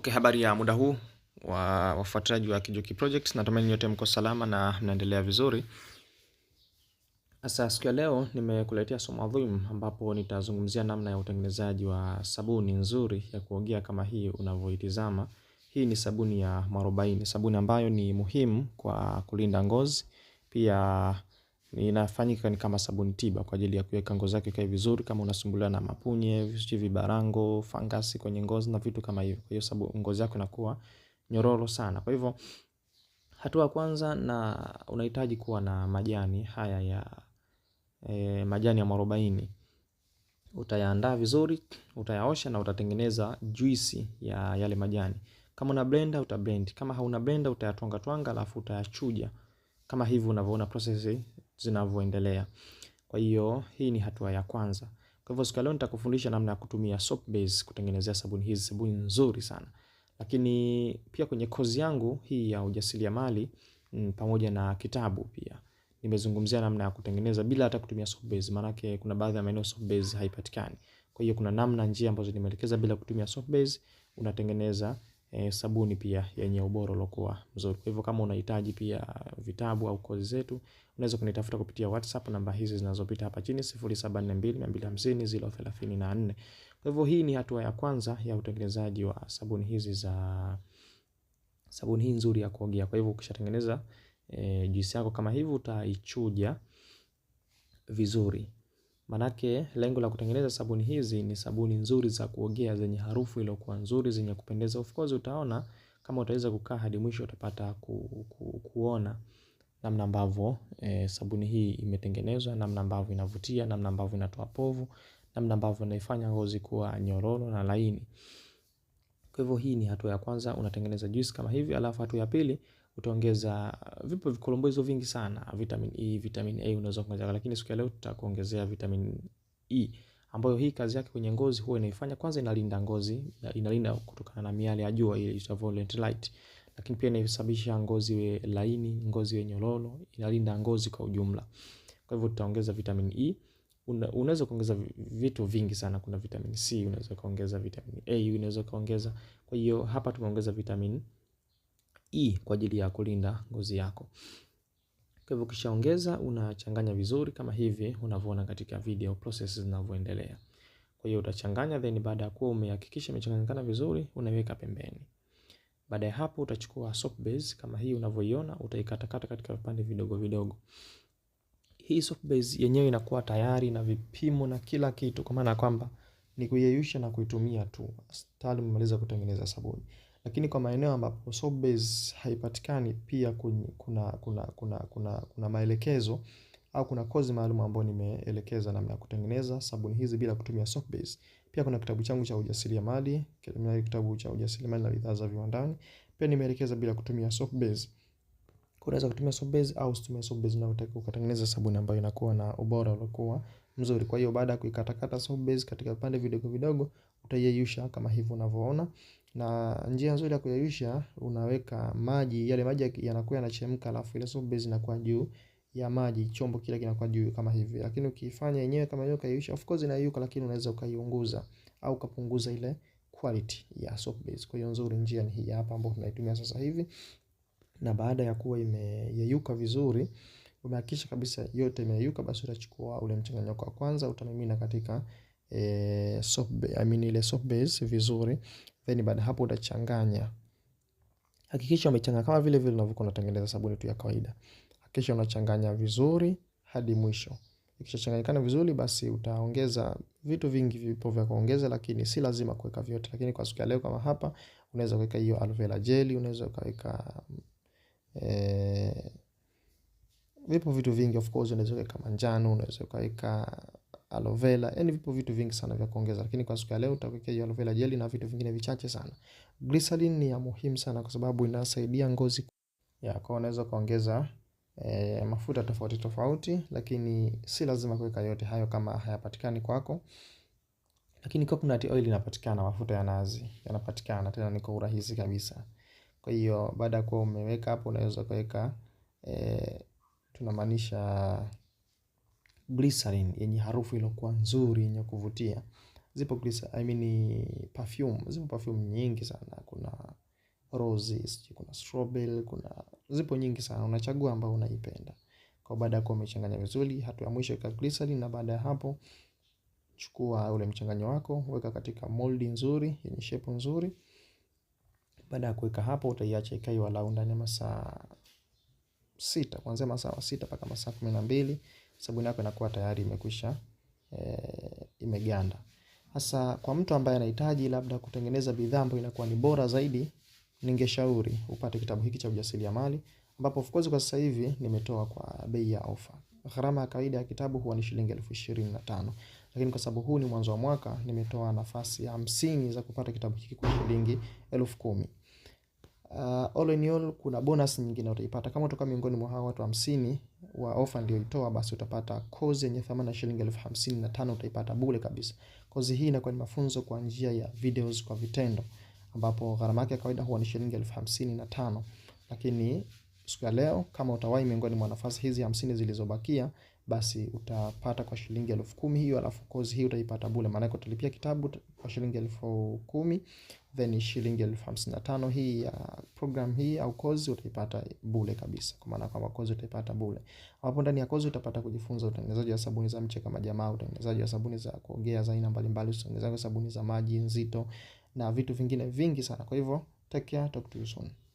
Okay, habari ya muda huu wa wafuatiliaji wa Kijoki Project, natumaini nyote mko salama na mnaendelea vizuri. Sasa siku ya leo nimekuletea somo adhimu ambapo nitazungumzia namna ya utengenezaji wa sabuni nzuri ya kuogea kama hii unavyoitizama. Hii ni sabuni ya mwarobaini, sabuni ambayo ni muhimu kwa kulinda ngozi, pia inafanyika ni kama sabuni tiba kwa ajili ya kuweka ngozi yako ikae vizuri, kama unasumbuliwa na mapunye, vibarango, fangasi kwenye ngozi na vitu kama hivyo. Kwa hiyo sabuni ngozi yako inakuwa nyororo sana. Kwa hivyo hatua kwanza, na unahitaji kuwa na majani haya ya e, majani ya mwarobaini. Utayaandaa vizuri, utayaosha na utatengeneza juisi ya yale majani. Kama una blender utablend, kama hauna blender utayatwanga twanga, alafu utayachuja kama hivi unavyoona process zinavyoendelea. Kwa hiyo hii ni hatua ya kwanza. Kwa hivyo siku ya leo nitakufundisha namna ya kutumia soap base kutengenezea sabuni hizi, sabuni nzuri sana. Lakini pia kwenye kozi yangu hii ya ujasiriamali mm, pamoja na kitabu pia nimezungumzia namna ya kutengeneza bila hata kutumia soap base, maanake kuna baadhi ya maeneo soap base haipatikani. Kwa hiyo kuna namna, njia ambazo nimeelekeza bila kutumia soap base unatengeneza eh, sabuni pia yenye ubora uliokuwa mzuri. Kwa hivyo kama unahitaji pia vitabu au kozi zetu, unaweza kunitafuta kupitia WhatsApp namba hizi zinazopita hapa chini 0742250034. Kwa hivyo hii ni hatua ya kwanza ya utengenezaji wa sabuni hizi za sabuni hii nzuri ya kuogea. Kwa hivyo ukishatengeneza eh, juisi yako kama hivi utaichuja vizuri Manake lengo la kutengeneza sabuni hizi ni sabuni nzuri za kuogea zenye harufu iliyokuwa nzuri zenye kupendeza. Of course utaona kama utaweza kukaa hadi mwisho utapata ku, ku, kuona namna ambavyo e, sabuni hii imetengenezwa, namna ambavyo inavutia, namna ambavyo inatoa povu, namna ambavyo inaifanya ngozi kuwa nyororo na laini. Kwa hivyo hii ni hatua ya kwanza, unatengeneza juisi kama hivi, alafu hatua ya pili utaongeza vipo vikolombozo vingi sana, vitamin E, vitamin A unaweza kuongeza, lakini siku ya leo tutakuongezea vitamin E ambayo hii kazi yake kwenye ngozi huwa inaifanya kwanza, inalinda ngozi, inalinda kutokana na miale ya jua ile ultraviolet light, lakini pia inasababisha ngozi iwe laini, ngozi iwe nyororo, inalinda ngozi kwa ujumla. Kwa hivyo tutaongeza vitamin E. unaweza kuongeza vitu vingi sana. Kuna vitamin C unaweza kuongeza, vitamin A unaweza kuongeza. Kwa hiyo hapa tumeongeza vitamin E kwa ajili ya kulinda ngozi yako. Kwa hivyo ukishaongeza unachanganya vizuri kama hivi unavyoona katika video process zinavyoendelea. Kwa hiyo utachanganya then baada ya kuwa umehakikisha imechanganyikana vizuri unaiweka pembeni. Baada ya hapo utachukua soap base kama hii unavyoiona utaikatakata katika vipande vidogo vidogo. Hii soap base yenyewe inakuwa tayari na vipimo na kila kitu kwa maana kwamba ni kuyeyusha na kuitumia tu. Tayari umemaliza kutengeneza sabuni. Lakini kwa maeneo ambapo Sobase haipatikani pia kuna kuna, kuna, kuna, kuna, maelekezo au kuna kozi maalum ambayo nimeelekeza namna ya kutengeneza sabuni hizi bila kutumia Sobase. Pia kuna kitabu changu cha ujasiriamali, kitabu cha ujasiriamali na bidhaa za viwandani. Pia nimeelekeza bila kutumia Sobase. base. Unaweza kutumia Sobase au usitumie Sobase na utake kutengeneza sabuni ambayo inakuwa na ubora uliokuwa mzuri. Kwa hiyo baada ya kuikatakata Sobase katika vipande vidogo vidogo utaiyeyusha kama hivo unavyoona na njia nzuri ya kuyeyusha unaweka maji, yale maji yanakuwa yanachemka alafu ile soap base inakuwa juu ya maji, chombo kile kinakuwa juu kama hivi. Lakini ukifanya yenyewe kama hiyo ukayeyusha, of course inayuka, lakini unaweza ukaiunguza au kupunguza ile quality ya soap base. Kwa hiyo nzuri njia ni hii hapa ambayo tunaitumia sasa hivi, na baada ya kuwa imeyeyuka vizuri umehakikisha kabisa yote imeyeyuka, basi utachukua ule mchanganyiko wa kwanza utamimina katika e, soft, I mean ile soft base vizuri, then baada hapo utachanganya. Hakikisha umechanganya kama vile vile unavyokuwa unatengeneza sabuni tu ya kawaida. Hakikisha unachanganya vizuri hadi mwisho. Ikishachanganyikana vizuri, basi utaongeza vitu vingi vipo vya kuongeza, lakini si lazima kuweka vyote. Lakini kwa siku ya leo kama hapa, unaweza kuweka hiyo aloe vera jelly, unaweza ukaweka e, eh, vipo vitu vingi of course, unaweza kuweka manjano, unaweza ukaweka aloe vera, yani vipo vitu vingi sana vya kuongeza, lakini kwa siku ya leo utakuwekea aloe vera jelly na vitu vingine vichache sana. Glycerin ni ya muhimu sana kwa sababu inasaidia ngozi ya kwa, unaweza kuongeza e, mafuta tofauti tofauti, lakini si lazima kuweka yote hayo kama hayapatikani kwako. Lakini coconut oil inapatikana, mafuta ya nazi yanapatikana tena ni kwa urahisi kabisa. Kwa hiyo baada ya kuwa umeweka hapo, unaweza kuweka e, tunamaanisha glycerin yenye harufu iliyokuwa nzuri yenye kuvutia. Zipo glycerin, I mean perfume, zipo perfume nyingi sana. Kuna roses, kuna strawberry, kuna zipo nyingi sana. Unachagua ambayo unaipenda. Kwa baada ya kuwa umechanganya vizuri, hatua ya mwisho weka glycerin na baada ya hapo chukua ule mchanganyo wako, weka katika moldi nzuri yenye shepu nzuri. Baada ya kuweka hapo utaiacha ikae walau ndani ya masaa sita kuanzia masaa sita mpaka masaa kumi na mbili sabuni yako inakuwa tayari imekwisha e, imeganda. Sasa kwa mtu ambaye anahitaji labda kutengeneza bidhaa ambayo inakuwa ni bora zaidi, ningeshauri upate kitabu hiki cha ujasiriamali ambapo of course kwa sasa hivi nimetoa kwa bei ya ofa. Gharama ya kawaida ya kitabu huwa ni shilingi elfu ishirini na tano lakini kwa sababu huu ni mwanzo wa mwaka, nimetoa nafasi hamsini za kupata kitabu hiki kwa shilingi elfu kumi. Uh, all in all, kuna bonus nyingine utaipata kama utoka miongoni mwa hawa watu hamsini wa ofa niliyoitoa, basi utapata kozi yenye thamani ya shilingi elfu hamsini na tano utaipata bure kabisa. Kozi hii inakuwa ni mafunzo kwa njia ya videos kwa vitendo, ambapo gharama yake ya kawaida huwa ni shilingi elfu hamsini na tano lakini siku ya leo kama utawahi miongoni mwa nafasi hizi hamsini zilizobakia basi utapata kwa shilingi elfu kumi hiyo, alafu kozi hii utaipata bure, maanake utalipia kitabu kwa shilingi elfu kumi then shilingi elfu hamsini na tano hii ya program hii au kozi utaipata bure kabisa, kwa maana kwamba kozi utaipata bure, ambapo ndani ya kozi utapata kujifunza utengenezaji wa sabuni za mche kama jamaa, utengenezaji wa sabuni za kuogea za aina mbalimbali, utengenezaji wa sabuni za maji nzito na vitu vingine vingi sana. Kwa hivyo, take care, talk to you soon.